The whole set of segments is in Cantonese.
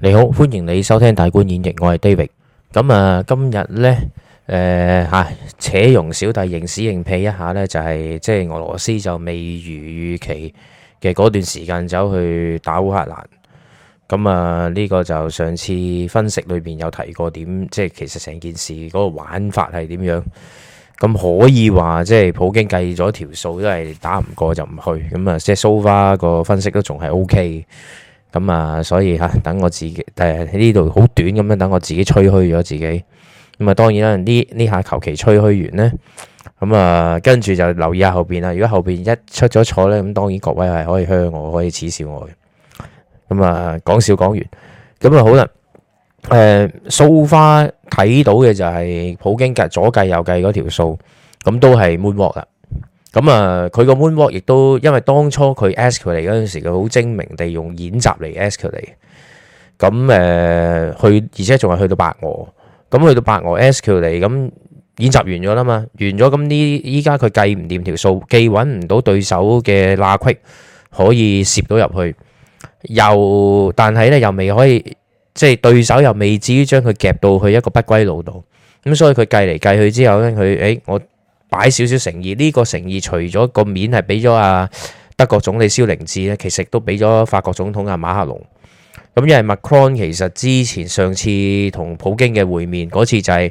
你好，歡迎你收聽大觀演繹，我係 David。咁、呃、啊，今日呢，誒吓，且容小弟認屎認屁一下呢、就是，就係即係俄羅斯就未如預期嘅嗰段時間走去打烏克蘭。咁啊，呢、這個就上次分析裏邊有提過點，即、就、係、是、其實成件事嗰個玩法係點樣。咁可以話即係普京計咗條數，都係打唔過就唔去。咁啊，即係 so far 個分析都仲係 OK。咁啊、嗯，所以嚇、啊、等我自己，誒喺呢度好短咁樣等我自己吹噓咗自己。咁、嗯、啊，當然啦，呢呢下求其吹噓完咧，咁啊跟住就留意下後邊啦。如果後邊一出咗錯咧，咁、嗯、當然各位係可以噓我，可以恥笑我嘅。咁、嗯、啊、嗯，講笑講完，咁啊好啦，誒 So far 睇到嘅就係普京計左計右計嗰條數，咁、嗯、都係 moonwalk 啦。咁啊，佢個 Moonwalk 亦都，因為當初佢 ask 佢嚟嗰陣時，佢好精明地用演習嚟 ask 佢嚟。咁、呃、誒去，而且仲係去到白俄，咁、嗯、去到白俄 ask 佢嚟，咁演習完咗啦嘛，完咗咁呢？依家佢計唔掂條數，既揾唔到對手嘅罅隙可以攝到入去，又但係咧又未可以，即係對手又未至於將佢夾到去一個不歸路度。咁、嗯、所以佢計嚟計去之後咧，佢誒我。擺少少誠意，呢個誠意除咗個面係俾咗阿德國總理蕭靈志咧，其實都俾咗法國總統阿馬克龍。咁因為麥克龍其實之前上次同普京嘅會面嗰次就係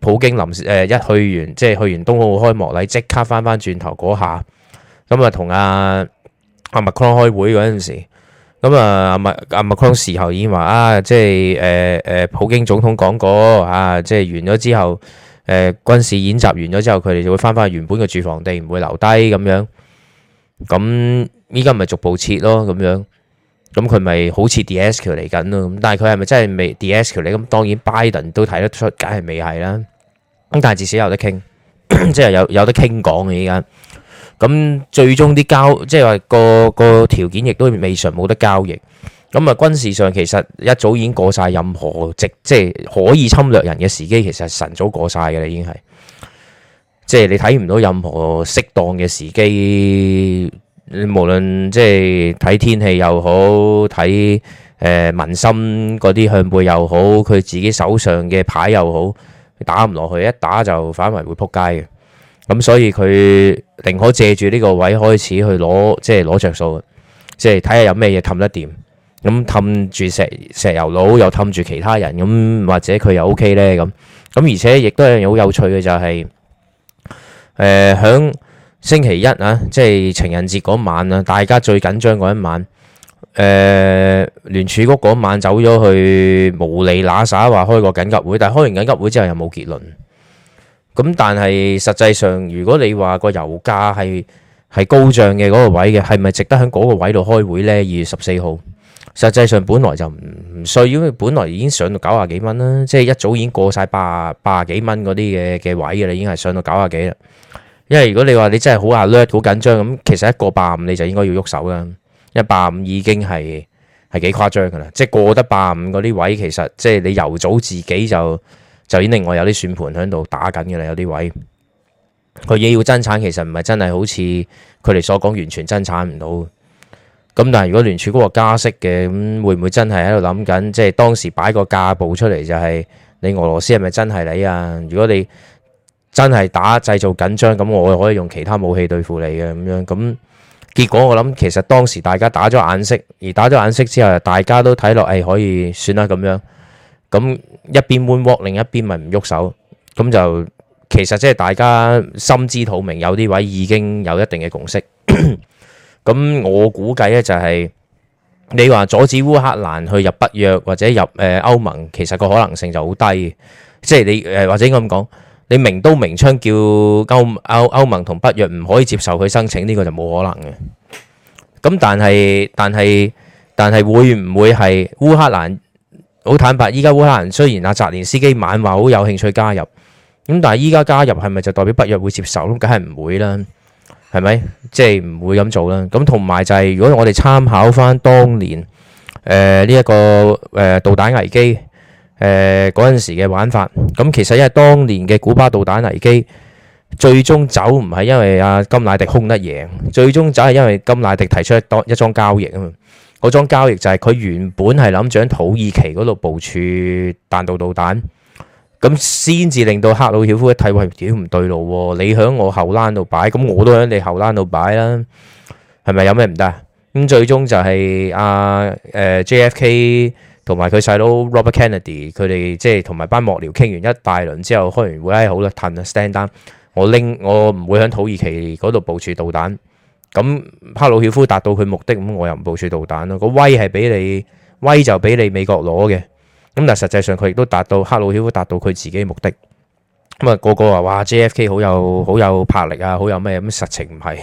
普京臨時誒一去完，即係去完冬奧開幕禮即刻返返轉頭嗰下，咁啊同阿阿麥克龍開會嗰陣時，咁啊阿麥阿麥克龍時候已經話啊，即係誒誒普京總統講過啊，即係完咗之後。誒、呃、軍事演習完咗之後，佢哋就會返返原本嘅駐防地，唔會留低咁樣，樣。咁依家咪逐步撤咯咁樣。咁佢咪好似 D.S.Q 嚟緊咯。咁但係佢係咪真係未 D.S.Q 嚟？咁當然拜登都睇得出，梗係未係啦。咁但係至少有得傾，即係有有得傾講嘅依家。咁最終啲交即係話個個條件亦都未嘗冇得交易。咁啊！軍事上其實一早已經過晒任何直，即係可以侵略人嘅時機，其實神早過晒嘅啦，已經係即係你睇唔到任何適當嘅時機，無論即係睇天氣又好，睇誒民心嗰啲向背又好，佢自己手上嘅牌又好，打唔落去一打就反為會撲街嘅。咁所以佢寧可借住呢個位開始去攞，即係攞着數，即係睇下有咩嘢氹得掂。咁氹住石石油佬，又氹住其他人，咁或者佢又 O K 咧，咁咁。而且亦都係好有趣嘅，就係，就係誒，響星期一啊，即係情人節嗰晚啊，大家最緊張嗰一晚。誒、呃，聯儲局嗰晚走咗去無厘那撒話開個緊急會，但係開完緊急會之後又冇結論。咁但係實際上，如果你話個油價係係高漲嘅嗰個位嘅，係咪值得響嗰個位度開會咧？二月十四號。實際上本來就唔衰，因為本來已經上到九廿幾蚊啦，即係一早已經過晒八八廿幾蚊嗰啲嘅嘅位嘅啦，已經係上到九廿幾啦。因為如果你話你真係好阿叻好緊張咁，其實一過八五你就應該要喐手啦，因為八五已經係係幾誇張噶啦，即係過得八五嗰啲位，其實即係你由早自己就就已經另外有啲算盤喺度打緊噶啦，有啲位佢嘢要增產，其實唔係真係好似佢哋所講完全增產唔到。咁但係如果聯儲嗰個加息嘅，咁會唔會真係喺度諗緊？即係當時擺個架步出嚟就係你俄羅斯係咪真係你啊？如果你真係打製造緊張，咁我可以用其他武器對付你嘅咁樣。咁結果我諗其實當時大家打咗眼色，而打咗眼色之後，大家都睇落唉，可以算啦咁樣。咁一邊玩 w 另一邊咪唔喐手。咁就其實即係大家心知肚明，有啲位已經有一定嘅共識。 咁我估計咧就係你話阻止烏克蘭去入北約或者入誒歐盟，其實個可能性就好低嘅，即係你誒或者應該咁講，你明刀明槍叫歐歐歐盟同北約唔可以接受佢申請，呢個就冇可能嘅。咁但係但係但係會唔會係烏克蘭好坦白？依家烏克蘭雖然阿澤連斯基猛話好有興趣加入，咁但係依家加入係咪就代表北約會接受？咁梗係唔會啦。係咪即係唔會咁做啦？咁同埋就係如果我哋參考翻當年誒呢一個誒、呃、導彈危機誒嗰陣時嘅玩法，咁其實因為當年嘅古巴導彈危機最終走唔係因為阿金乃迪兇得贏，最終走係因為金乃迪提出一樁交易啊嘛，嗰樁交易就係佢原本係諗住喺土耳其嗰度部署彈道導彈。咁先至令到克魯曉夫一睇，喂、哎，點唔對路喎？你喺我後欄度擺，咁我都喺你後欄度擺啦，係咪有咩唔得啊？咁、呃、最終就係啊誒 J F K 同埋佢細佬 Robert Kennedy 佢哋即係同埋班幕僚傾完一大輪之後，開完會咧、哎，好啦，褪啦 stand down，我拎我唔會喺土耳其嗰度部署導彈。咁克魯曉夫達到佢目的，咁我又唔部署導彈咯。個威係俾你，威就俾你美國攞嘅。咁但係實際上佢亦都達到克魯曉夫達到佢自己嘅目的，咁啊個個話哇 JFK 好有好有魄力啊，好有咩咁，實情唔係，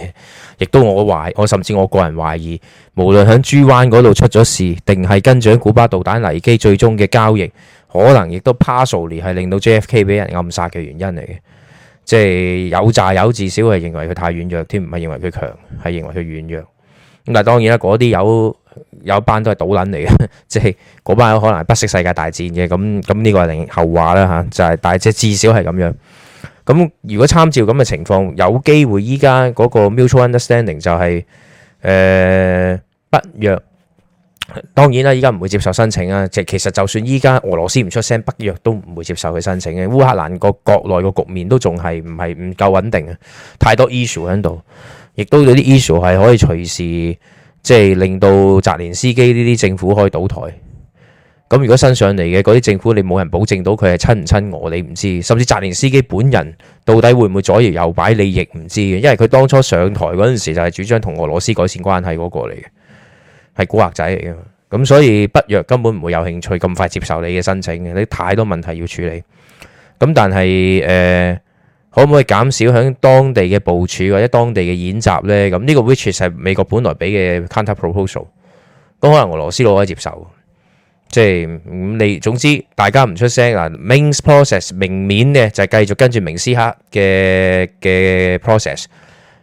亦都我懷我甚至我個人懷疑，無論喺豬灣嗰度出咗事，定係跟著古巴導彈危機最終嘅交易，可能亦都 p a r s o n 係令到 JFK 俾人暗殺嘅原因嚟嘅，即係有炸有至少係認為佢太軟弱添，唔係認為佢強，係認為佢軟弱。咁但係當然啦，嗰啲有。有一班都係賭捻嚟嘅，即係嗰班可能係不惜世界大戰嘅，咁咁呢個係後話啦吓，就係大係即至少係咁樣。咁如果參照咁嘅情況，有機會依家嗰個 mutual understanding 就係、是、誒、呃、北約，當然啦，依家唔會接受申請啊。即係其實就算依家俄羅斯唔出聲，北約都唔會接受佢申請嘅。烏克蘭個國內個局面都仲係唔係唔夠穩定啊，太多 issue 喺度，亦都有啲 issue 係可以隨時。即係令到澤連斯基呢啲政府可以倒台，咁如果新上嚟嘅嗰啲政府，你冇人保證到佢係親唔親我，你唔知。甚至澤連斯基本人到底會唔會左搖右擺，你亦唔知嘅。因為佢當初上台嗰陣時就係主張同俄羅斯改善關係嗰個嚟嘅，係古惑仔嚟嘅。咁所以北約根本唔會有興趣咁快接受你嘅申請嘅，你太多問題要處理。咁但係誒，呃可唔可以減少喺當地嘅部署或者當地嘅演習呢？咁呢個 which 係美國本來俾嘅 counter proposal，都可能俄羅斯佬可以接受。即係、嗯、你總之大家唔出聲啊。Minsk process 明面咧就係繼續跟住明斯克嘅嘅 process，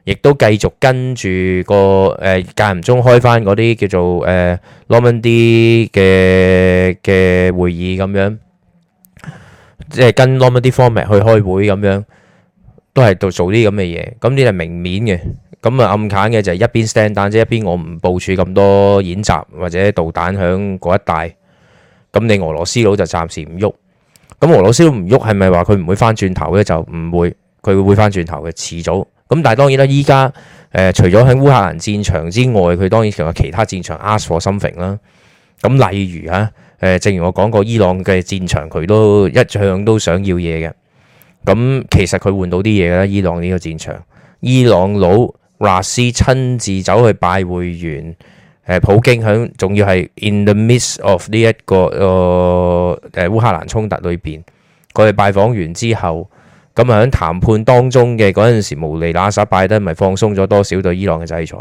亦都繼續跟住個誒間唔中開翻嗰啲叫做誒 Normandy、呃、嘅嘅會議咁樣，即係跟 Normandy format 去開會咁樣。都係做做啲咁嘅嘢，咁呢啲係明面嘅，咁啊暗砍嘅就係一邊 stand down，即係一邊我唔部署咁多演習或者導彈響嗰一帶，咁你俄羅斯佬就暫時唔喐，咁俄羅斯佬唔喐係咪話佢唔會翻轉頭咧？就唔會，佢會翻轉頭嘅，遲早。咁但係當然啦，依家誒除咗喺烏克蘭戰場之外，佢當然仲有其他戰場 ask for something 啦、啊。咁例如啊，誒正如我講過，伊朗嘅戰場佢都一向都想要嘢嘅。咁其實佢換到啲嘢㗎啦，伊朗呢個戰場，伊朗佬拉斯親自走去拜會完，普京響，仲要係 in the midst of 呢一個誒、呃、烏克蘭衝突裏邊，佢哋拜訪完之後，咁啊喺談判當中嘅嗰陣時，無厘拿沙拜登咪放鬆咗多少對伊朗嘅制裁，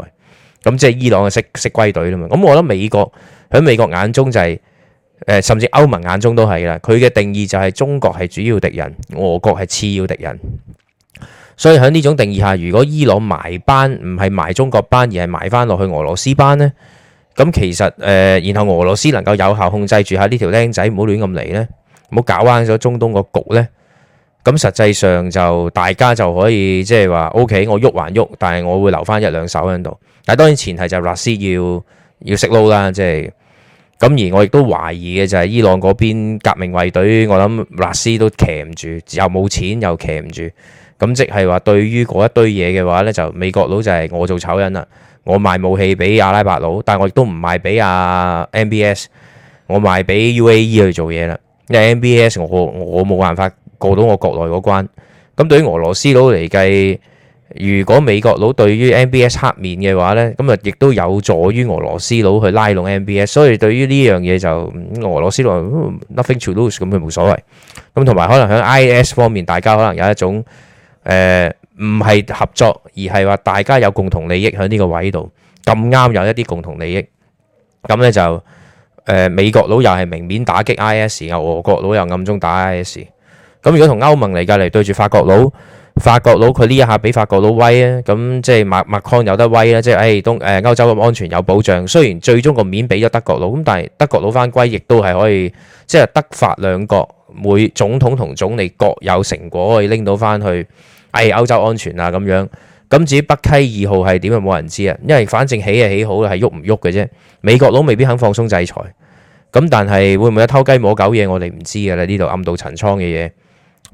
咁即係伊朗嘅識識歸隊啦嘛，咁我覺得美國喺美國眼中就係、是。甚至歐盟眼中都係啦，佢嘅定義就係中國係主要敵人，俄國係次要敵人。所以喺呢種定義下，如果伊朗埋班唔係埋中國班，而係埋翻落去俄羅斯班呢，咁其實誒、呃，然後俄羅斯能夠有效控制住下呢條靚仔，唔好亂咁嚟呢，唔好搞彎咗中東個局呢。咁實際上就大家就可以即係話，OK，我喐還喐，但係我會留翻一兩手喺度。但係當然前提就俄羅斯要要識撈啦，即係。咁而我亦都懷疑嘅就係伊朗嗰邊革命衛隊，我諗納斯都騎唔住，又冇錢又騎唔住。咁即係話對於嗰一堆嘢嘅話呢，就美國佬就係我做醜人啦。我賣武器俾阿拉伯佬，但係我亦都唔賣俾啊 MBS。我賣俾 UAE 去做嘢啦，因為 MBS 我我冇辦法過到我國內嗰關。咁對於俄羅斯佬嚟計。如果美國佬對於 MBS 黑面嘅話呢，咁啊亦都有助於俄羅斯佬去拉攏 MBS，所以對於呢樣嘢就俄羅斯佬 nothing to lose，咁佢冇所謂。咁同埋可能喺 IS 方面，大家可能有一種誒唔係合作，而係話大家有共同利益喺呢個位度，咁啱有一啲共同利益，咁呢就誒、呃、美國佬又係明面打擊 IS，俄國佬又暗中打 IS。咁如果同歐盟嚟隔離對住法國佬。法國佬佢呢一下俾法國佬威啊，咁即係麥麥康有得威啦，即係誒、哎、東誒歐洲咁安全有保障。雖然最終個面俾咗德國佬，咁但係德國佬翻歸亦都係可以，即係德法兩國每總統同總理各有成果，可以拎到翻去，誒、哎、歐洲安全嗱、啊、咁樣。咁至於北溪二號係點啊？冇人知啊，因為反正起啊起好啦，係喐唔喐嘅啫。美國佬未必肯放鬆制裁，咁但係會唔會有偷雞摸狗嘢，我哋唔知嘅啦，呢度暗度陳倉嘅嘢。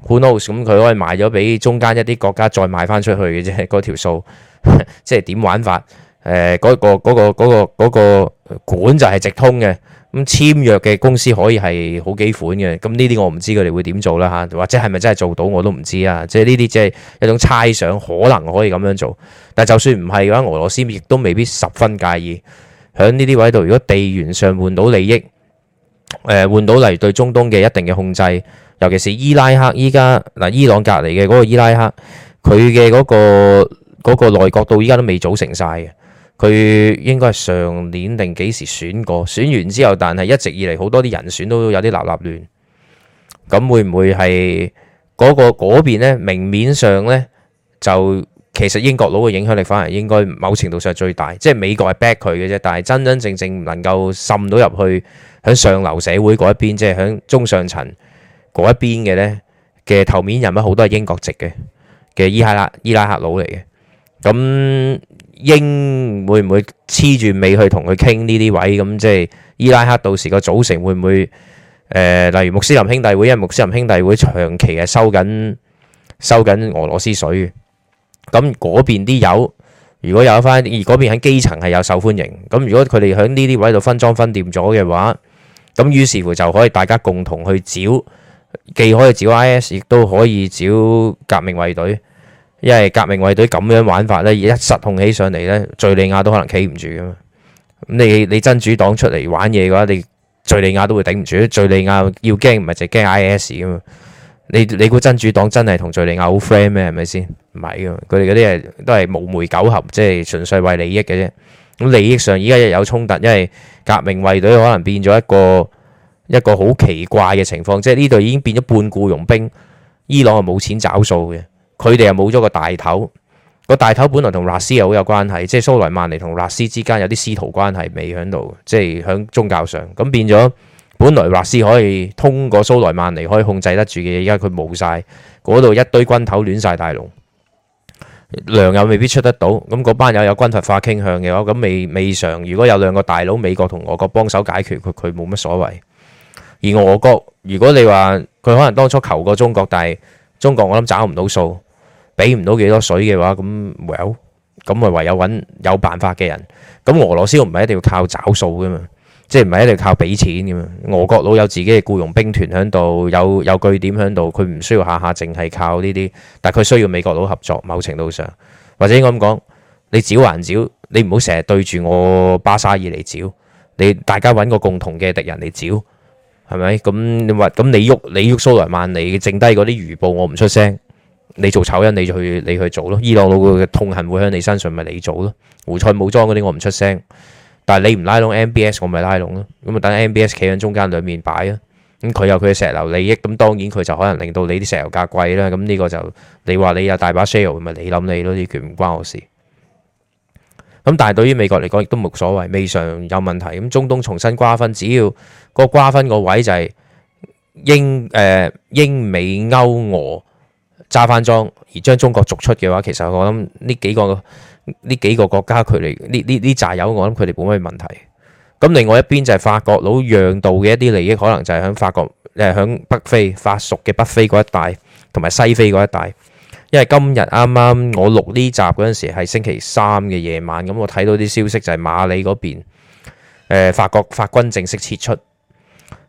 no 咁佢可以賣咗俾中間一啲國家，再賣翻出去嘅啫。嗰條數 即係點玩法？誒、呃，嗰、嗰個嗰、嗰個嗰個嗰個管就係直通嘅。咁、嗯、簽約嘅公司可以係好幾款嘅。咁呢啲我唔知佢哋會點做啦嚇，或者係咪真係做到我都唔知啊。即係呢啲即係一種猜想，可能可以咁樣做。但就算唔係嘅話，俄羅斯亦都未必十分介意。響呢啲位度，如果地緣上換到利益，誒、呃、換到嚟對中東嘅一定嘅控制。尤其是伊拉克依家嗱，伊朗隔離嘅嗰個伊拉克，佢嘅嗰個嗰、嗰個內閣到依家都未組成晒嘅。佢應該係上年定幾時選過選完之後，但係一直以嚟好多啲人選都有啲立立亂。咁會唔會係嗰、嗰個嗰邊咧？明面上呢，就其實英國佬嘅影響力反而應該某程度上最大，即係美國係 back 佢嘅啫。但係真真正正能夠滲到入去響上流社會嗰一邊，即係響中上層。嗰一邊嘅呢嘅頭面人物好多係英國籍嘅，嘅伊拉克伊拉克佬嚟嘅。咁英會唔會黐住尾去同佢傾呢啲位？咁即係伊拉克到時個組成會唔會？誒，例如穆斯林兄弟會，因為穆斯林兄弟會長期係收緊收緊俄羅斯水。咁嗰邊啲友，如果有返而嗰邊喺基層係有受歡迎，咁如果佢哋喺呢啲位度分裝分掂咗嘅話，咁於是乎就可以大家共同去剿。既可以招 I.S.，亦都可以招革命衛隊，因為革命衛隊咁樣玩法咧，一失控起上嚟咧，敘利亞都可能企唔住噶嘛。咁你你真主黨出嚟玩嘢嘅話，你敘利亞都會頂唔住。敘利亞要驚唔係就驚 I.S. 噶嘛？你你估真主黨真係同敘利亞好 friend 咩？係咪先？唔係噶，佢哋嗰啲係都係無媒苟合，即係純粹為利益嘅啫。咁利益上而家一有衝突，因為革命衛隊可能變咗一個。一個好奇怪嘅情況，即係呢度已經變咗半僱傭兵。伊朗係冇錢找數嘅，佢哋又冇咗個大頭。個大頭本來同納斯又好有關係，即係蘇萊曼尼同納斯之間有啲師徒關係，未喺度。即係喺宗教上，咁變咗本來納斯可以通過蘇萊曼尼可以控制得住嘅，而家佢冇晒。嗰度一堆軍頭亂晒大龍，糧又未必出得到。咁嗰班友有軍閥化傾向嘅話，咁未未嘗。如果有兩個大佬，美國同俄國幫手解決佢，佢冇乜所謂。而俄國，如果你話佢可能當初求過中國，但係中國我諗找唔到數，俾唔到幾多水嘅話，咁 well 咁咪唯有揾有辦法嘅人。咁俄羅斯唔係一定要靠找數噶嘛，即係唔係一定要靠俾錢噶嘛。俄國佬有自己嘅僱傭兵團喺度，有有據點喺度，佢唔需要下下淨係靠呢啲，但係佢需要美國佬合作。某程度上或者應該咁講，你剿還剿，你唔好成日對住我巴沙爾嚟剿，你大家揾個共同嘅敵人嚟剿。係咪咁？你話咁你喐你喐蘇萊曼尼，剩低嗰啲餘報我唔出聲，你做醜人你就去你去做咯。伊朗佬嘅痛恨會喺你身上，咪你做咯。胡塞武裝嗰啲我唔出聲，但係你唔拉攏 MBS，我咪拉攏咯。咁咪等 MBS 企喺中間兩面擺啊，咁佢有佢嘅石油利益，咁當然佢就可能令到你啲石油價貴啦。咁呢個就你話你有大把 share，咪你諗你咯，呢件唔關我事。咁但係對於美國嚟講亦都冇所謂，未嘗有問題。咁中東重新瓜分，只要個瓜分個位就係英誒、呃、英美歐俄揸翻莊，而將中國逐出嘅話，其實我諗呢幾個呢幾個國家佢哋呢呢呢扎友，我諗佢哋冇乜問題。咁另外一邊就係法國佬讓道嘅一啲利益，可能就係響法國誒響、呃、北非法屬嘅北非嗰一帶，同埋西非嗰一帶。因為今日啱啱我錄呢集嗰陣時係星期三嘅夜晚，咁我睇到啲消息就係馬里嗰邊、呃，法國法軍正式撤出，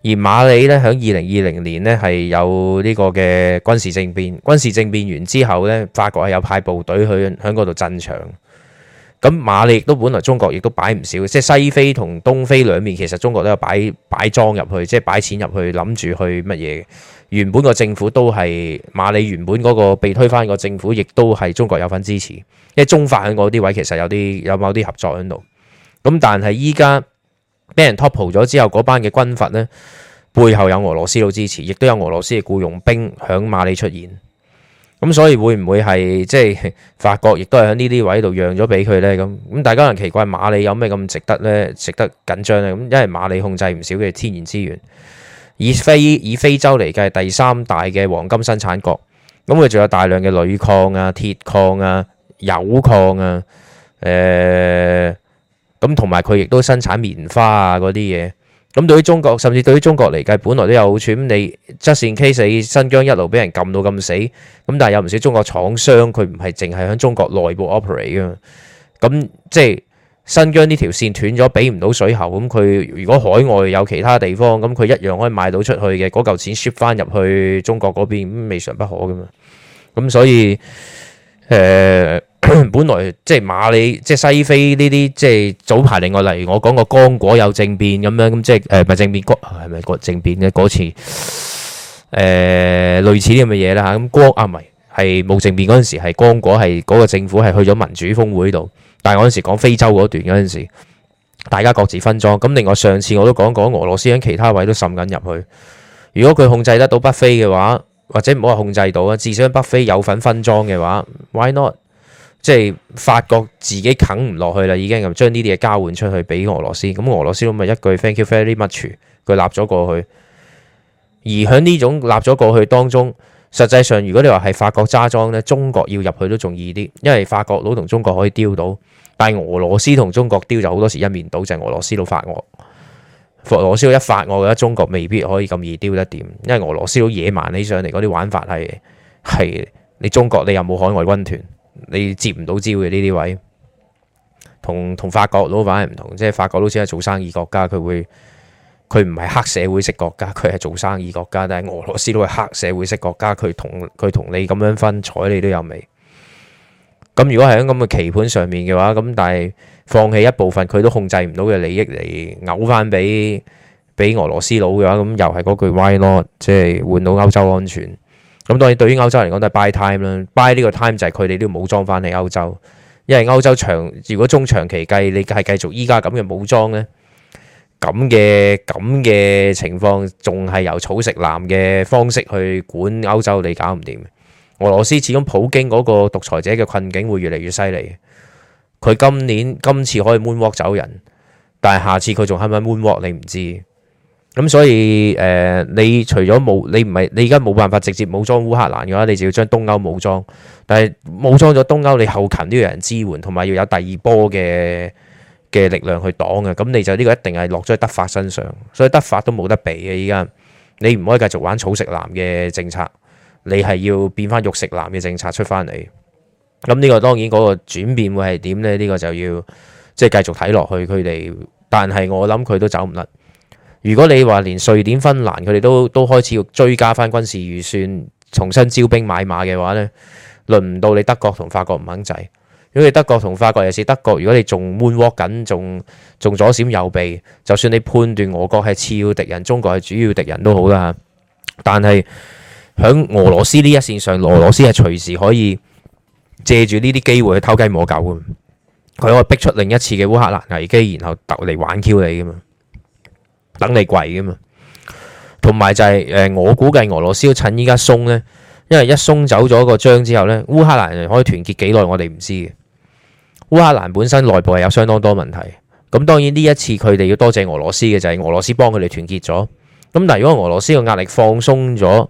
而馬里呢，喺二零二零年呢係有呢個嘅軍事政變，軍事政變完之後呢，法國係有派部隊去喺嗰度鎮場。咁馬里都本來中國亦都擺唔少，即係西非同東非兩面，其實中國都有擺擺莊入去，即係擺錢入去，去，諗住去乜嘢。原本個政府都係馬里原本嗰個被推翻個政府，亦都係中國有份支持，因為中法喺嗰啲位其實有啲有某啲合作喺度。咁但係依家俾人 topple 咗之後，嗰班嘅軍閥呢，背後有俄羅斯佬支持，亦都有俄羅斯嘅僱傭兵響馬里出現。咁所以會唔會係即係法國亦都係喺呢啲位度讓咗俾佢呢？咁咁大家可能奇怪馬里有咩咁值得呢？值得緊張呢？咁因為馬里控制唔少嘅天然資源。以非以非洲嚟計係第三大嘅黃金生產國，咁佢仲有大量嘅鋁礦啊、鐵礦啊、油礦啊，誒、呃，咁同埋佢亦都生產棉花啊嗰啲嘢，咁對於中國甚至對於中國嚟計本來都有好處，咁你直線 K 死新疆一路俾人撳到咁死，咁但係有唔少中國廠商佢唔係淨係響中國內部 operate 噶嘛，咁即係。新疆呢條線斷咗，俾唔到水喉咁，佢如果海外有其他地方，咁佢一樣可以賣到出去嘅，嗰嚿錢 ship 翻入去中國嗰邊，未嘗不可噶嘛。咁所以，誒、呃，本來即係馬里，即係西非呢啲，即係早排另外，例如我講個剛果有政變咁樣，咁即係誒，唔、呃、政變，剛係咪國，係咪國政變嘅嗰次？誒、呃，類似啲咁嘅嘢啦吓，咁、嗯、剛啊，唔係係冇政變嗰陣時，係剛果係嗰、那個政府係去咗民主峰會度。但係我嗰陣時講非洲嗰段嗰陣時，大家各自分裝。咁另外上次我都講講俄羅斯喺其他位都滲緊入去。如果佢控制得到北非嘅話，或者唔好話控制到啊，至少北非有份分裝嘅話，why not？即係法國自己啃唔落去啦，已經咁將呢啲嘢交換出去俾俄羅斯。咁俄羅斯咪一句 Thank you very much，佢立咗過去。而喺呢種立咗過去當中。實際上，如果你話係法國揸莊呢，中國要入去都仲易啲，因為法國佬同中國可以丟到，但係俄羅斯同中國丟就好多時一面倒，就係俄羅斯佬發惡。俄羅斯佬一發惡，我覺得中國未必可以咁易丟得掂，因為俄羅斯佬野蠻起上嚟，嗰啲玩法係係你中國，你又冇海外軍團，你接唔到招嘅呢啲位。同同法國佬反而唔同，即係法國佬只係做生意國家，佢會。佢唔係黑社會式國家，佢係做生意國家。但係俄羅斯都係黑社會式國家，佢同佢同你咁樣分，睬你都有味。咁如果係喺咁嘅棋盤上面嘅話，咁但係放棄一部分，佢都控制唔到嘅利益嚟嘔翻俾俾俄羅斯佬嘅話，咁又係嗰句 why not？即係換到歐洲安全。咁當然對於歐洲嚟講都係 buy time 啦，buy 呢個 time 就係佢哋都要武裝翻嚟歐洲。因為歐洲長如果中長期計，你係繼續依家咁嘅武裝呢。咁嘅咁嘅情況，仲係由草食男嘅方式去管歐洲，你搞唔掂。俄羅斯始終普京嗰個獨裁者嘅困境會越嚟越犀利。佢今年今次可以搬鑊走人，但係下次佢仲係唔係搬鑊，你唔知。咁所以誒、呃，你除咗冇，你唔係你而家冇辦法直接武裝烏克蘭嘅話，你就要將東歐武裝。但係武裝咗東歐，你後勤都要有人支援，同埋要有第二波嘅嘅力量去擋嘅，咁你就呢個一定係落咗喺德法身上，所以德法都冇得比嘅依家。你唔可以繼續玩草食男嘅政策，你係要變翻肉食男嘅政策出翻嚟。咁呢個當然嗰個轉變會係點呢？呢個就要即係繼續睇落去佢哋。但係我諗佢都走唔甩。如果你話連瑞典、芬蘭佢哋都都開始要追加翻軍事預算，重新招兵買馬嘅話呢，輪唔到你德國同法國唔肯制。因為德國同法國又是德國，如果你仲悶握緊，仲左閃右避，就算你判斷俄國係次要敵人，中國係主要敵人都好啦，但係喺俄羅斯呢一線上，俄羅斯係隨時可以借住呢啲機會去偷雞摸狗。佢可以逼出另一次嘅烏克蘭危機，然後嚟玩 Q 你噶嘛，等你跪噶嘛。同埋就係、是呃、我估計俄羅斯要趁依家鬆呢，因為一鬆走咗個章之後呢，烏克蘭人可以團結幾耐，我哋唔知烏克蘭本身內部係有相當多問題，咁當然呢一次佢哋要多謝俄羅斯嘅就係俄羅斯幫佢哋團結咗。咁但係如果俄羅斯嘅壓力放鬆咗，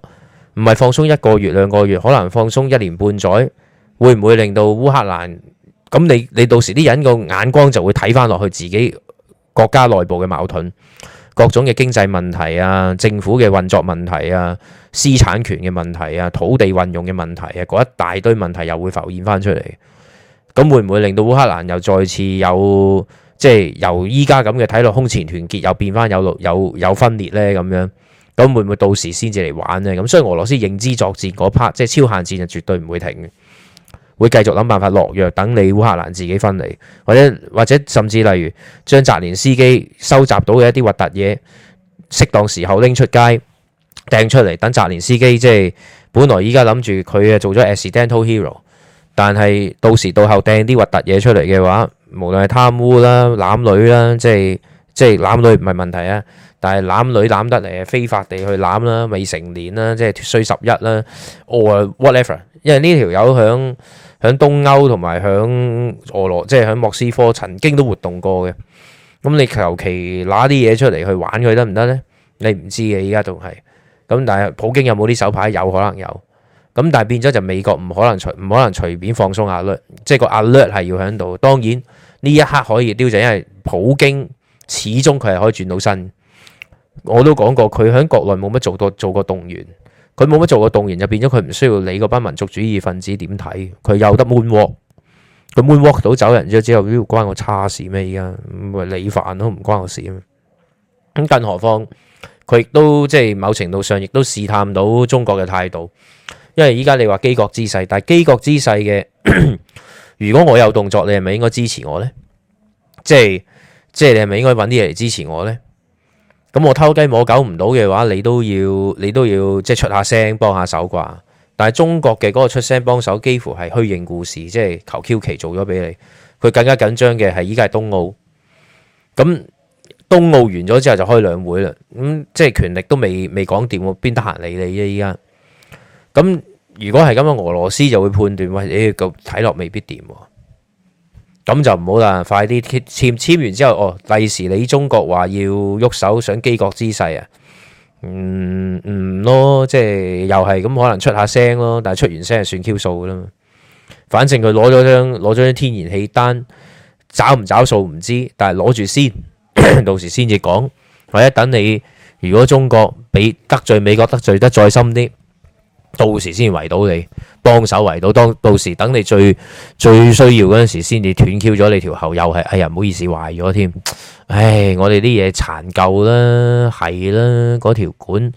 唔係放鬆一個月兩個月，可能放鬆一年半載，會唔會令到烏克蘭咁？你你到時啲人個眼光就會睇翻落去自己國家內部嘅矛盾、各種嘅經濟問題啊、政府嘅運作問題啊、私產權嘅問題啊、土地運用嘅問題啊，嗰一大堆問題又會浮現翻出嚟。咁會唔會令到烏克蘭又再次有即係、就是、由依家咁嘅睇落空前團結，又變翻有有有分裂呢？咁樣？咁會唔會到時先至嚟玩呢？咁所以俄羅斯認知作戰嗰 part 即係超限戰就絕對唔會停，會繼續諗辦法落藥，等你烏克蘭自己分離，或者或者甚至例如將澤連斯基收集到嘅一啲核突嘢，適當時候拎出街掟出嚟，等澤連斯基，即係本來依家諗住佢啊做咗 accidental hero。但係到時到後掟啲核突嘢出嚟嘅話，無論係貪污啦、攬女啦，即係即係攬女唔係問題啊，但係攬女攬得嚟非法地去攬啦，未成年啦，即係脱衰十一啦，or whatever，因為呢條友響響東歐同埋響俄羅，即係響莫斯科曾經都活動過嘅，咁你求其揦啲嘢出嚟去玩佢得唔得呢？你唔知嘅，而家仲係，咁但係普京有冇啲手牌？有可能有。咁但係變咗就美國唔可能隨，唔可能隨便放鬆壓力，即係個壓力係要喺度。當然呢一刻可以丟就，因為普京始終佢係可以轉到身。我都講過佢喺國內冇乜做過做過動員，佢冇乜做過動員就變咗佢唔需要理嗰班民族主義分子點睇，佢有得 m a 佢 m a 到走人咗之後，都要關我叉事咩？而家你係理都唔關我事啊。咁更何況佢亦都即係某程度上亦都試探到中國嘅態度。因為依家，你話基國姿勢，但係基國姿勢嘅， 如果我有動作，你係咪應該支持我呢？即係即係你係咪應該揾啲嘢嚟支持我呢？咁我偷雞摸狗唔到嘅話，你都要你都要，你都要即係出下聲幫下手啩？但係中國嘅嗰個出聲幫手幾乎係虛應故事，即係求 Q 其做咗俾你。佢更加緊張嘅係依家係冬奧，咁冬奧完咗之後就開兩會啦。咁、嗯、即係權力都未未講掂喎，邊得閒理你啫？依家。咁如果係咁，俄羅斯就會判斷，哇，誒，個睇落未必掂，咁就唔好啦，快啲簽，簽完之後，哦，第時你中國話要喐手，想基國姿勢啊，嗯嗯咯，即係又係咁，可能出下聲咯，但係出完聲就算 Q 數噶啦，反正佢攞咗張攞咗張天然氣單，找唔找數唔知，但係攞住先，到時先至講，或者等你如果中國俾得罪美國得罪得再深啲。到時先圍到你，幫手圍到，當到時等你最最需要嗰陣時，先至斷 Q 咗你條喉，又係，哎呀，唔好意思，壞咗添，唉，我哋啲嘢殘舊啦，係啦，嗰條管。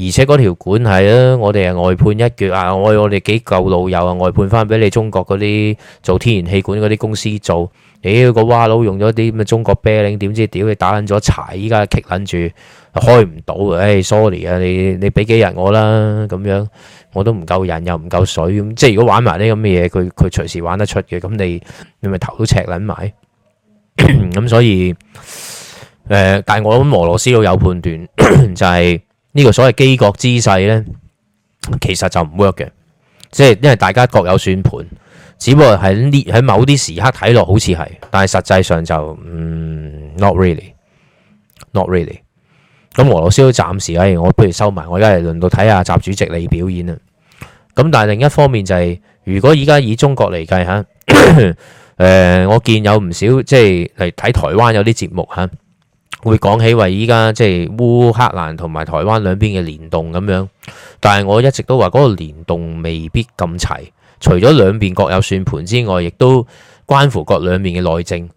而且嗰條管係啊，我哋係外判一腳啊，我我哋幾舊老友啊，外判翻俾你中國嗰啲做天然氣管嗰啲公司做，你、哎那個蛙佬用咗啲咁嘅中國啤鈴，點知屌你打撚咗柴，依家係棘撚住，開唔到啊！唉、哎、sorry 啊，你你俾幾日我啦咁樣，我都唔夠人又唔夠水咁，即係如果玩埋啲咁嘅嘢，佢佢隨時玩得出嘅，咁你你咪頭都赤撚埋，咁 所以誒、呃，但係我諗俄羅斯都有判斷， 就係、是。呢個所謂機國姿勢呢，其實就唔 work 嘅，即係因為大家各有算盤，只不過喺呢喺某啲時刻睇落好似係，但係實際上就唔、嗯、not really，not really。咁、really. 俄羅斯都暫時唉、哎，我不如收埋，我而家嚟輪到睇下習主席你表演啦。咁但係另一方面就係、是，如果而家以中國嚟計嚇，我見有唔少即係嚟睇台灣有啲節目嚇。會講起話依家即係烏克蘭同埋台灣兩邊嘅聯動咁樣，但係我一直都話嗰個聯動未必咁齊，除咗兩邊各有算盤之外，亦都關乎各兩邊嘅內政。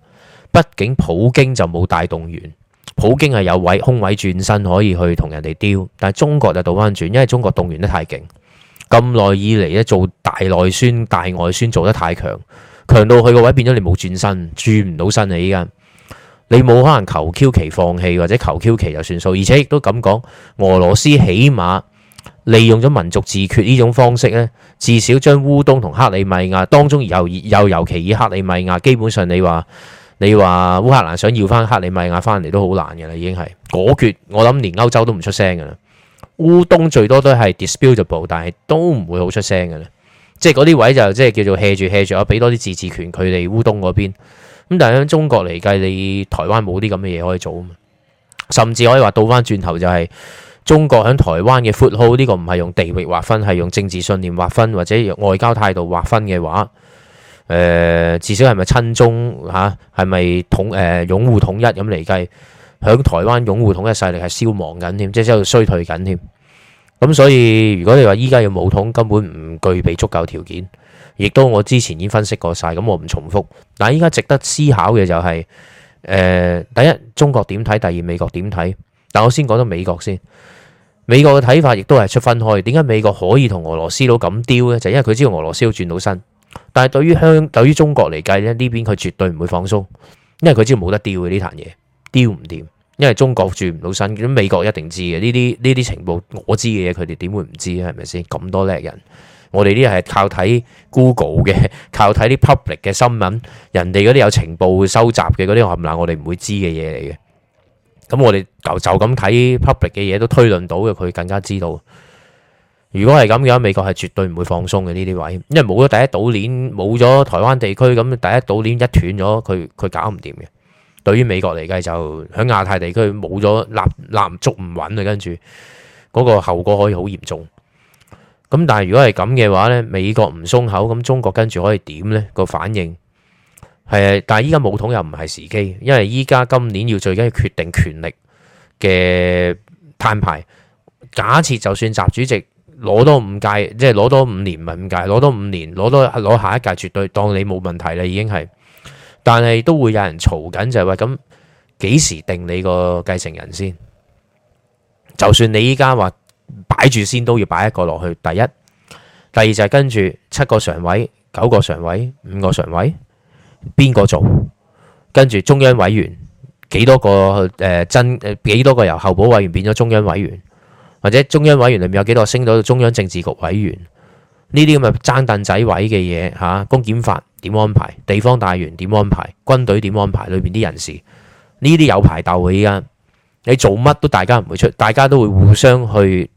畢竟普京就冇大動員，普京係有位空位轉身可以去同人哋丟，但係中國就倒翻轉，因為中國動員得太勁，咁耐以嚟咧，做大內宣、大外宣做得太強，強到佢個位變咗你冇轉身，轉唔到身啊！依家。你冇可能求其放棄或者求其就算數，而且亦都咁講，俄羅斯起碼利用咗民族自決呢種方式咧，至少將烏東同克里米亞當中，又又尤其以克里米亞，基本上你話你話烏克蘭想要翻克里米亞翻嚟都好難嘅啦，已經係果決，我諗連歐洲都唔出聲嘅啦。烏東最多都係 disputable，但係都唔會好出聲嘅啦，即係嗰啲位就即係叫做賠住賠住，我俾多啲自治權佢哋烏東嗰邊。咁但係喺中國嚟計，你台灣冇啲咁嘅嘢可以做啊嘛，甚至可以話倒返轉頭就係、是、中國喺台灣嘅 foothold，呢個唔係用地域劃分，係用政治信念劃分，或者用外交態度劃分嘅話，誒、呃、至少係咪親中嚇？係、啊、咪統誒、呃、擁護統一咁嚟計？喺台灣擁護統一勢力係消亡緊添，即係衰退緊添。咁所以如果你話依家要武統，根本唔具備足夠條件。亦都我之前已經分析過晒，咁我唔重複。但係依家值得思考嘅就係、是，誒、呃、第一中國點睇，第二美國點睇。但我先講到美國先。美國嘅睇法亦都係出分開。點解美國可以同俄羅斯佬咁丟呢？就是、因為佢知道俄羅斯佬轉到身。但係對於香對於中國嚟計呢，呢邊佢絕對唔會放鬆，因為佢知道冇得丟嘅呢壇嘢，丟唔掂。因為中國轉唔到身，咁美國一定知嘅呢啲呢啲情報，我知嘅嘢佢哋點會唔知咧？係咪先咁多叻人？我哋呢啲係靠睇 Google 嘅，靠睇啲 public 嘅新聞，人哋嗰啲有情報收集嘅嗰啲，冚唪唥我哋唔會知嘅嘢嚟嘅。咁我哋就就咁睇 public 嘅嘢，都推論到嘅。佢更加知道，如果係咁嘅話，美國係絕對唔會放鬆嘅呢啲位，因為冇咗第一島鏈，冇咗台灣地區咁，第一島鏈一斷咗，佢佢搞唔掂嘅。對於美國嚟計，就喺亞太地區冇咗立立足唔穩啊，跟住嗰個後果可以好嚴重。咁但係如果係咁嘅話咧，美國唔鬆口，咁中國跟住可以點咧？個反應係，但係依家冇統又唔係時機，因為依家今年要最緊要決定權力嘅攤牌。假設就算習主席攞多五屆，即係攞多五年，唔係五屆，攞多五年，攞多攞下一屆，絕對當你冇問題啦，已經係。但係都會有人嘈緊，就係話咁幾時定你個繼承人先？就算你依家話。擺住先都要擺一個落去，第一、第二就係跟住七個常委、九個常委、五個常委邊個做，跟住中央委員幾多個誒真、呃、幾多個由候補委員變咗中央委員，或者中央委員裏面有幾多升到中央政治局委員，呢啲咁嘅爭凳仔位嘅嘢吓，啊、公檢法點安排，地方大員點安排，軍隊點安排，裏面啲人士，呢啲有排鬥嘅依家，你做乜都大家唔會出，大家都會互相去。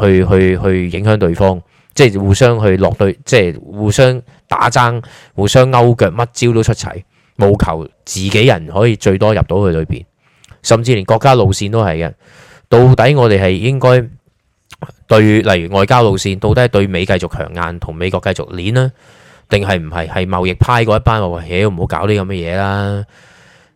去去去影響對方，即係互相去落對，即係互相打爭，互相勾腳，乜招都出齊，務求自己人可以最多入到去裏邊，甚至連國家路綫都係嘅。到底我哋係應該對，例如外交路綫，到底係對美繼續強硬同美國繼續鏈呢，定係唔係係貿易派嗰一班話，嘢，唔好搞啲咁嘅嘢啦。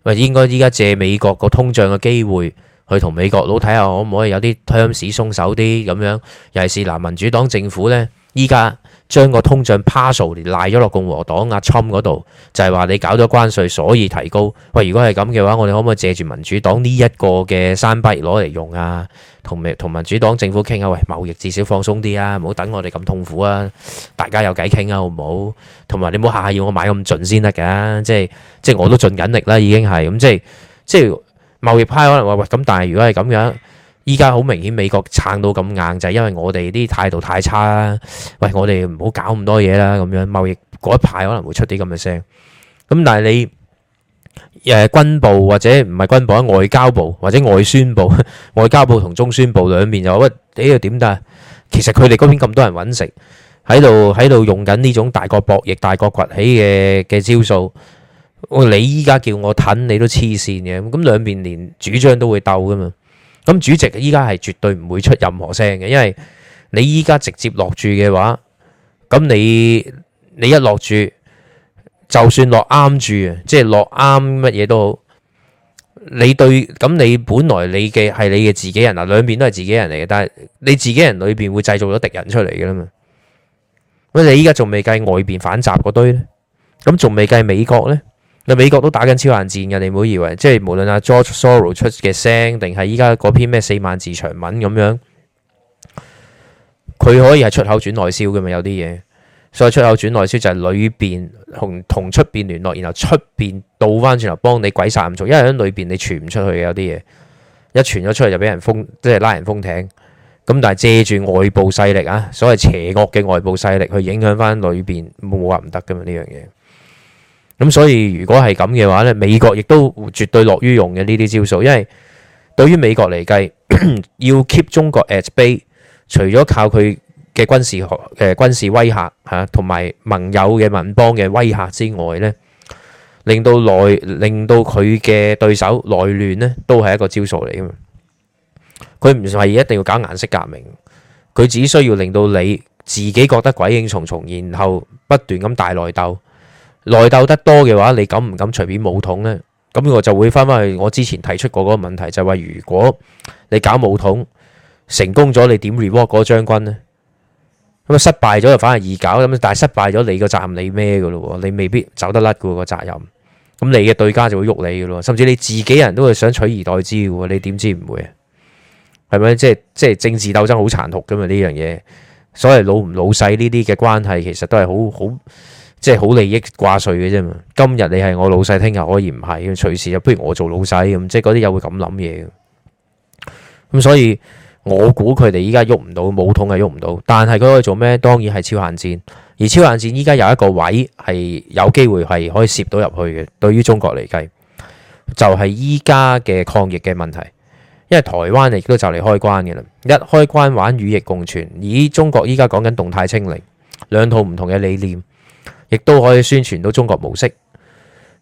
喂，要要應該依家借美國個通脹嘅機會。去同美國佬睇下可唔可以有啲 terms 鬆手啲咁樣。尤其是嗱，民主黨政府呢，依家將個通脹 parcel 賴咗落共和黨阿 Trump 嗰度，就係話你搞咗關稅所以提高。喂，如果係咁嘅話，我哋可唔可以借住民主黨呢一個嘅山筆攞嚟用啊？同民同民主黨政府傾下啊，喂，貿易至少放鬆啲啊，唔好等我哋咁痛苦啊！大家有偈傾啊，好唔好？同埋你唔好下下要我買咁盡先得㗎，即係即係我都盡緊力啦，已經係咁即係即係。貿易派可能話喂咁，但係如果係咁樣，依家好明顯美國撐到咁硬，就係、是、因為我哋啲態度太差啦。喂，我哋唔好搞咁多嘢啦，咁樣貿易嗰一派可能會出啲咁嘅聲。咁但係你誒軍部或者唔係軍部，軍部外交部或者外宣部， 外交部同中宣部兩邊就喂你個點得啊？其實佢哋嗰邊咁多人揾食，喺度喺度用緊呢種大國博弈、大國崛起嘅嘅招數。我你依家叫我揼你都黐線嘅，咁兩邊連主張都會鬥噶嘛？咁主席依家係絕對唔會出任何聲嘅，因為你依家直接落注嘅話，咁你你一落注，就算落啱注，即係落啱乜嘢都好，你對咁你本來你嘅係你嘅自己人啊，兩邊都係自己人嚟嘅，但係你自己人裏邊會製造咗敵人出嚟嘅啦嘛？咁你依家仲未計外邊反習嗰堆呢？咁仲未計美國呢？美國都打緊超限戰嘅，你唔好以為即係無論阿 George Soros 出嘅聲，定係依家嗰篇咩四萬字長文咁樣，佢可以係出口轉內銷嘅嘛？有啲嘢，所以出口轉內銷就係裏邊同同出邊聯絡，然後出邊倒翻轉頭幫你鬼殺咁做，因為喺裏邊你傳唔出去嘅有啲嘢，一傳咗出嚟就俾人封，即係拉人封艇。咁但係借住外部勢力啊，所謂邪惡嘅外部勢力去影響翻裏邊冇話唔得嘅嘛，呢樣嘢。咁所以如果係咁嘅話呢，美國亦都絕對樂於用嘅呢啲招數，因為對於美國嚟計， 要 keep 中國 at bay，除咗靠佢嘅軍事學、呃、軍事威嚇吓，同埋盟友嘅民邦嘅威嚇之外呢，令到內令到佢嘅對手內亂呢，都係一個招數嚟噶嘛。佢唔係一定要搞顏色革命，佢只需要令到你自己覺得鬼影重重，然後不斷咁大內鬥。內鬥得多嘅話，你敢唔敢隨便武統呢？咁我就會翻翻去我之前提出過嗰個問題，就係話如果你搞武統成功咗，你點 reward 嗰將軍呢？咁啊失敗咗就反而易搞咁，但係失敗咗你個責任你咩嘅咯？你未必走得甩嘅個責任，咁你嘅對家就會喐你嘅咯，甚至你自己人都會想取而代之嘅喎，你點知唔會啊？係咪？即係即係政治鬥爭好殘酷嘅嘛？呢樣嘢，所謂老唔老細呢啲嘅關係，其實都係好好。即係好利益掛帥嘅啫嘛，今日你係我老細，聽日可以唔係，隨時啊，不如我做老細咁，即係嗰啲人又會咁諗嘢。咁所以我，我估佢哋依家喐唔到，武統係喐唔到。但係佢可以做咩？當然係超限戰。而超限戰依家有一個位係有機會係可以攝到入去嘅，對於中國嚟計，就係依家嘅抗疫嘅問題。因為台灣亦都就嚟開關嘅啦，一開關玩與疫共存，而中國依家講緊動態清零，兩套唔同嘅理念。亦都可以宣傳到中國模式。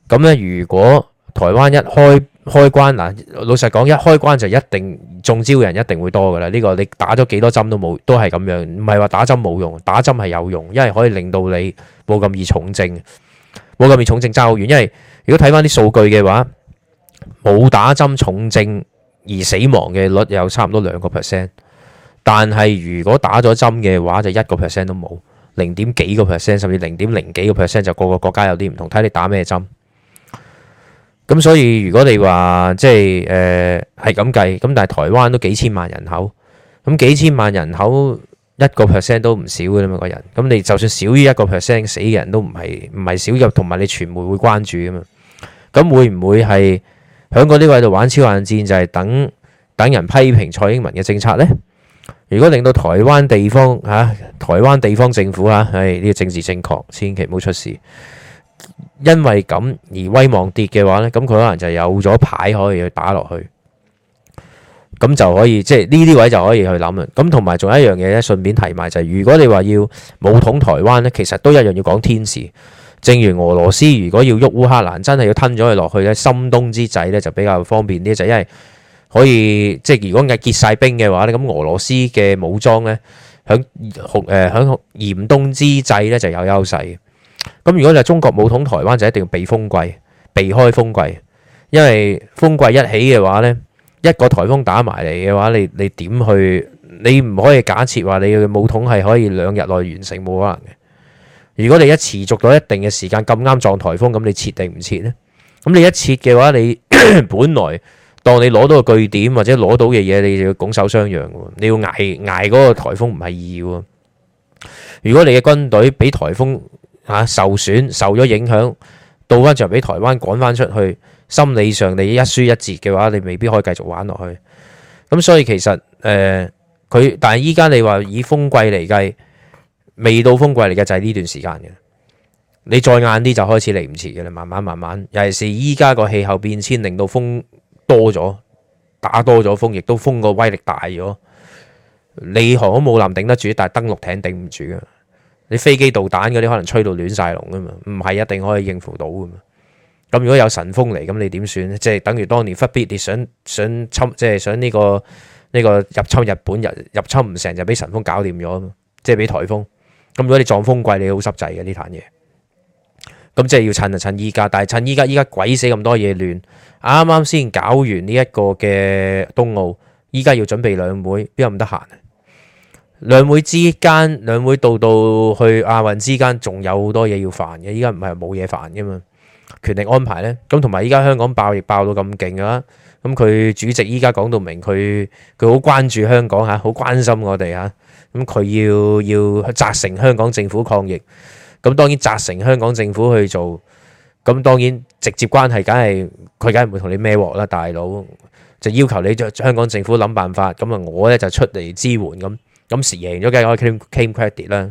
咁咧，如果台灣一開開關嗱，老實講一開關就一定中招嘅人一定會多噶啦。呢個你打咗幾多針都冇，都係咁樣。唔係話打針冇用，打針係有用，因為可以令到你冇咁易重症，冇咁易重症揸好遠。因為如果睇翻啲數據嘅話，冇打針重症而死亡嘅率有差唔多兩個 percent，但係如果打咗針嘅話就，就一個 percent 都冇，零點幾個 percent，甚至零點零幾個 percent，就個個國家有啲唔同，睇你打咩針。咁所以如果你話即係誒係咁計，咁、呃、但係台灣都幾千萬人口，咁幾千萬人口一個 percent 都唔少嘅啦嘛，個人。咁你就算少於一個 percent，死嘅人都唔係唔係少入，同埋你傳媒會關注嘅嘛。咁會唔會係喺嗰啲位度玩超限戰，就係、是、等等人批評蔡英文嘅政策呢？如果令到台灣地方嚇、啊，台灣地方政府嚇，係呢個政治正確，千祈唔好出事。因為咁而威望跌嘅話咧，咁佢可能就有咗牌可以去打落去，咁就可以即係呢啲位就可以去諗啦。咁同埋仲有一樣嘢咧，順便提埋就係、是，如果你話要武統台灣呢，其實都一樣要講天時。正如俄羅斯如果要喐烏克蘭，真係要吞咗佢落去呢，深冬之際呢就比較方便啲，就因為。可以即係，如果你係結晒冰嘅話咧，咁俄羅斯嘅武裝咧，響紅誒響嚴冬之際咧就有優勢。咁如果你就中國武統台灣，就一定要避風季，避開風季，因為風季一起嘅話咧，一個颱風打埋嚟嘅話，你你點去？你唔可以假設話你嘅武統係可以兩日內完成，冇可能嘅。如果你一持續到一定嘅時間，咁啱撞颱風，咁你撤定唔撤咧？咁你一撤嘅話，你本來當你攞到個據點或者攞到嘅嘢，你就要拱手相讓喎，你要挨挨嗰個颱風唔係易喎。如果你嘅軍隊俾颱風吓受損、受咗影響，到翻場俾台灣趕翻出去，心理上你一輸一折嘅話，你未必可以繼續玩落去。咁所以其實誒，佢、呃、但係依家你話以風季嚟計，未到風季嚟嘅就係呢段時間嘅。你再晏啲就開始嚟唔切嘅啦，慢慢慢慢。尤其是依家個氣候變遷令到風，多咗打多咗風，亦都風個威力大咗。你航空母艦頂得住，但係登陸艇頂唔住噶。你飛機導彈嗰啲可能吹到亂晒龍噶嘛，唔係一定可以應付到噶嘛。咁如果有神風嚟，咁你點算咧？即係等於當年忽必烈想想侵，即係想呢個呢個入侵日本入，入入侵唔成就俾神風搞掂咗嘛。即係俾台風。咁如果你撞風季，你好濕滯嘅呢壇嘢。咁即係要趁啊趁依家，但係趁依家，依家鬼死咁多嘢亂，啱啱先搞完呢一個嘅冬奧，依家要準備兩會，邊有咁得閒啊？兩會之間，兩會到到去亞運之間，仲有好多嘢要煩嘅，依家唔係冇嘢煩噶嘛？權力安排呢。咁同埋依家香港爆疫爆到咁勁啊！咁佢主席依家講到明，佢佢好關注香港吓，好關心我哋啊。咁佢要要去責成香港政府抗疫。咁當然責成香港政府去做，咁當然直接關係梗係佢梗係唔會同你孭鑊啦，大佬就要求你就香港政府諗辦法，咁啊我咧就出嚟支援咁，咁時贏咗梗係 claim credit 啦，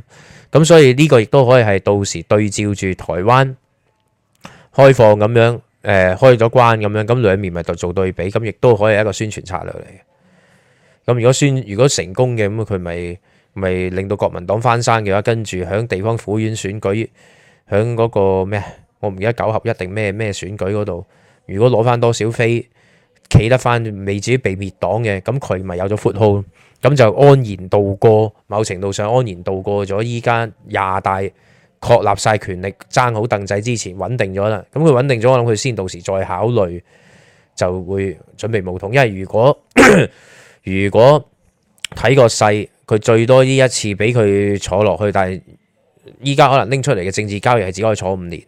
咁所以呢個亦都可以係到時對照住台灣開放咁樣誒開咗關咁樣，咁、呃、兩面咪就做對比，咁亦都可以係一個宣傳策略嚟嘅。咁如果宣如果成功嘅，咁佢咪？咪令到國民黨翻生嘅話，跟住響地方府縣選舉響嗰個咩，我唔記得九合一定咩咩選舉嗰度，如果攞翻多少飛企得翻未至於被滅黨嘅，咁佢咪有咗闊號，咁就安然度過，某程度上安然度過咗依家廿大確立晒權力，爭好凳仔之前穩定咗啦。咁佢穩定咗，我諗，佢先到時再考慮就會準備冇統。因為如果 如果睇個勢。佢最多呢一次俾佢坐落去，但係依家可能拎出嚟嘅政治交易係只可以坐五年。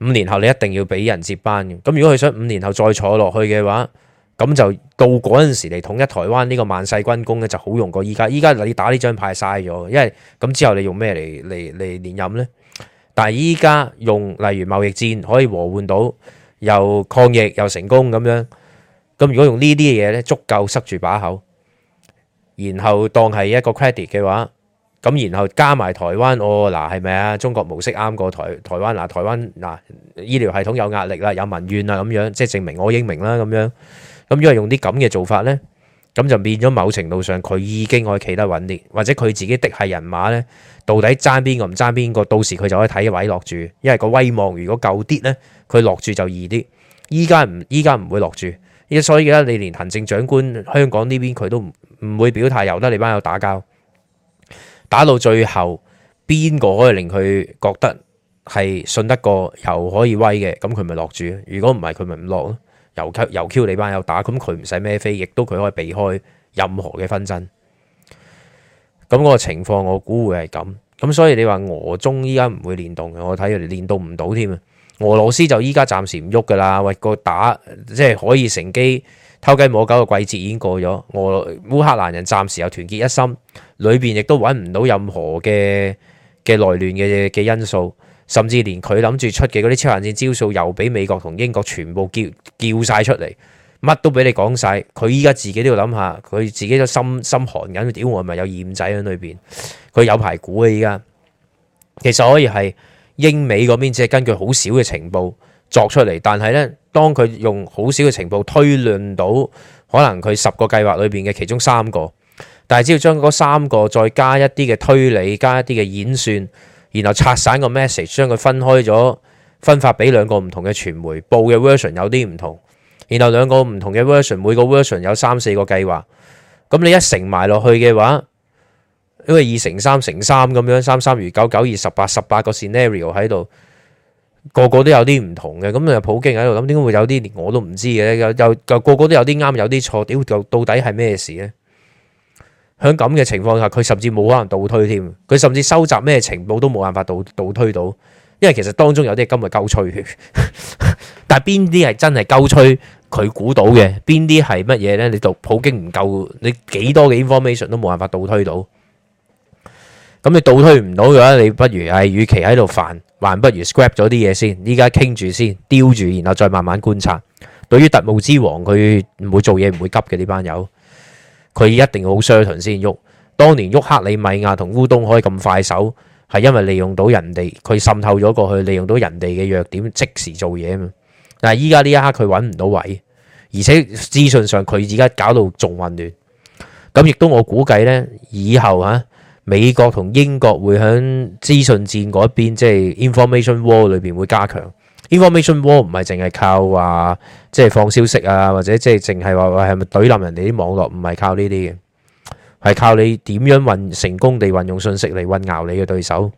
五年後你一定要俾人接班嘅。咁如果佢想五年後再坐落去嘅話，咁就到嗰陣時嚟統一台灣呢個萬世軍功咧，就好用過，依家依家你打呢張牌嘥咗，因為咁之後你用咩嚟嚟嚟連任咧？但係依家用例如貿易戰可以和緩到又抗疫又成功咁樣，咁如果用呢啲嘢咧，足夠塞住把口。然後當係一個 credit 嘅話，咁然後加埋台灣哦嗱，係咪啊？中國模式啱過台台灣嗱，台灣嗱醫療系統有壓力啦，有民怨啦，咁樣即係證明我英明啦。咁樣咁因為用啲咁嘅做法咧，咁就變咗某程度上佢已經可以企得穩啲，或者佢自己的係人馬咧，到底爭邊個唔爭邊個？到時佢就可以睇位落住，因為個威望如果夠啲咧，佢落住就易啲。依家唔依家唔會落住，所以咧你連行政長官香港呢邊佢都唔。唔會表態，由得你班友打交，打到最後邊個可以令佢覺得係信得過，又可以威嘅，咁佢咪落住？如果唔係，佢咪唔落咯。由 Q 由 Q 你班友打，咁佢唔使咩飛，亦都佢可以避開任何嘅紛爭。咁、嗰個情況，我估會係咁。咁所以你話俄中依家唔會聯動嘅，我睇佢連動唔到添啊。俄羅斯就依家暫時唔喐噶啦，喂個打即係可以乘機。偷雞摸狗嘅季節已經過咗，俄烏克蘭人暫時又團結一心，裏邊亦都揾唔到任何嘅嘅內亂嘅嘅因素，甚至連佢諗住出嘅嗰啲超限戰招數，又俾美國同英國全部叫叫晒出嚟，乜都俾你講晒，佢依家自己都要諗下，佢自己都心心寒緊。屌我係咪有鹽仔喺裏邊？佢有排估啊！依家其實可以係英美嗰邊，只係根據好少嘅情報。作出嚟，但係呢，當佢用好少嘅情報推論到可能佢十個計劃裏邊嘅其中三個，但係只要將嗰三個再加一啲嘅推理，加一啲嘅演算，然後拆散個 message，將佢分開咗，分發俾兩個唔同嘅傳媒，報嘅 version 有啲唔同，然後兩個唔同嘅 version，每個 version 有三四個計劃，咁你一乘埋落去嘅話，因為二乘三乘三咁樣，三三如九，九二十八，十八個 scenario 喺度。個個都有啲唔同嘅，咁啊普京喺度諗，點解會有啲連我都唔知嘅？又又個個都有啲啱，有啲錯，屌，又到底係咩事呢？響咁嘅情況下，佢甚至冇可能倒推添，佢甚至收集咩情報都冇辦法倒倒推到，因為其實當中有啲係今日鳩吹，但係邊啲係真係鳩吹，佢估到嘅，邊啲係乜嘢呢？你讀普京唔夠，你幾多嘅 information 都冇辦法倒推到，咁你倒推唔到嘅話，你不如係與其喺度煩。還不如 scrap 咗啲嘢先，依家傾住先，丟住，然後再慢慢觀察。對於特務之王，佢唔會做嘢，唔會急嘅呢班友，佢一定要好 certain 先喐。當年喐克里米亞同烏東可以咁快手，係因為利用到人哋，佢滲透咗過去，利用到人哋嘅弱點，即時做嘢啊嘛。但係依家呢一刻佢揾唔到位，而且資訊上佢而家搞到仲混亂，咁亦都我估計呢，以後啊。美國同英國會響資訊戰嗰一邊，即係 information war 裏邊會加強。information war 唔係淨係靠話即係放消息啊，或者即係淨係話話係咪懟冧人哋啲網絡，唔係靠呢啲嘅，係靠你點樣運成功地運用信息嚟混淆你嘅對手。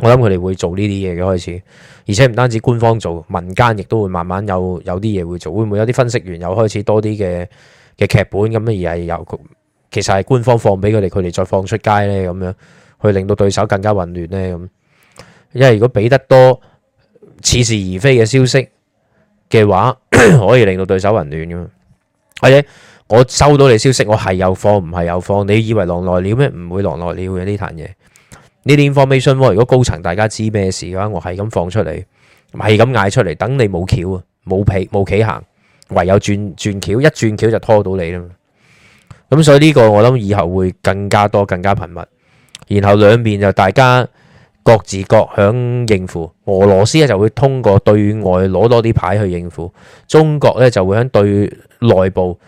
我諗佢哋會做呢啲嘢嘅開始，而且唔單止官方做，民間亦都會慢慢有有啲嘢會做。會唔會有啲分析員有開始多啲嘅嘅劇本咁而係由？其實係官方放俾佢哋，佢哋再放出街呢，咁樣去令到對手更加混亂呢。咁因為如果俾得多似是而非嘅消息嘅話， 可以令到對手混亂噶嘛。或者 我收到你消息，我係有放唔係有放？你以為狼來了咩？唔會狼來了嘅呢壇嘢。呢啲 information 如果高層大家知咩事嘅話，我係咁放出嚟，係咁嗌出嚟，等你冇橋啊，冇被，冇企行，唯有轉轉橋，一轉橋就拖到你啦。咁所以呢個我諗以後會更加多、更加頻密，然後兩邊就大家各自各響應付。俄羅斯咧就會通過對外攞多啲牌去應付，中國咧就會響對內部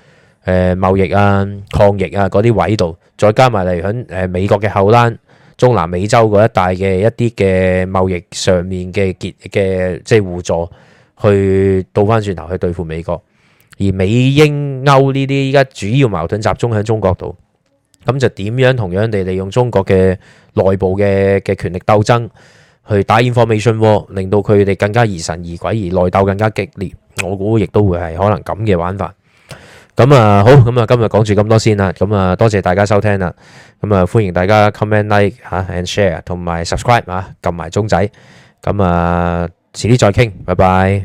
誒貿易啊、抗疫啊嗰啲位度，再加埋例如響誒美國嘅後欄、中南美洲嗰一帶嘅一啲嘅貿易上面嘅結嘅即係互助，去倒翻轉頭去對付美國。而美英歐呢啲依家主要矛盾集中喺中國度，咁就點樣同樣地利用中國嘅內部嘅嘅權力鬥爭，去打 information war，令到佢哋更加疑神疑鬼，而內鬥更加激烈。我估亦都會係可能咁嘅玩法。咁啊好，咁啊今日講住咁多先啦。咁啊多謝大家收聽啦。咁啊歡迎大家 comment like 嚇 and share 同埋 subscribe 啊。撳埋鐘仔。咁啊遲啲再傾，拜拜。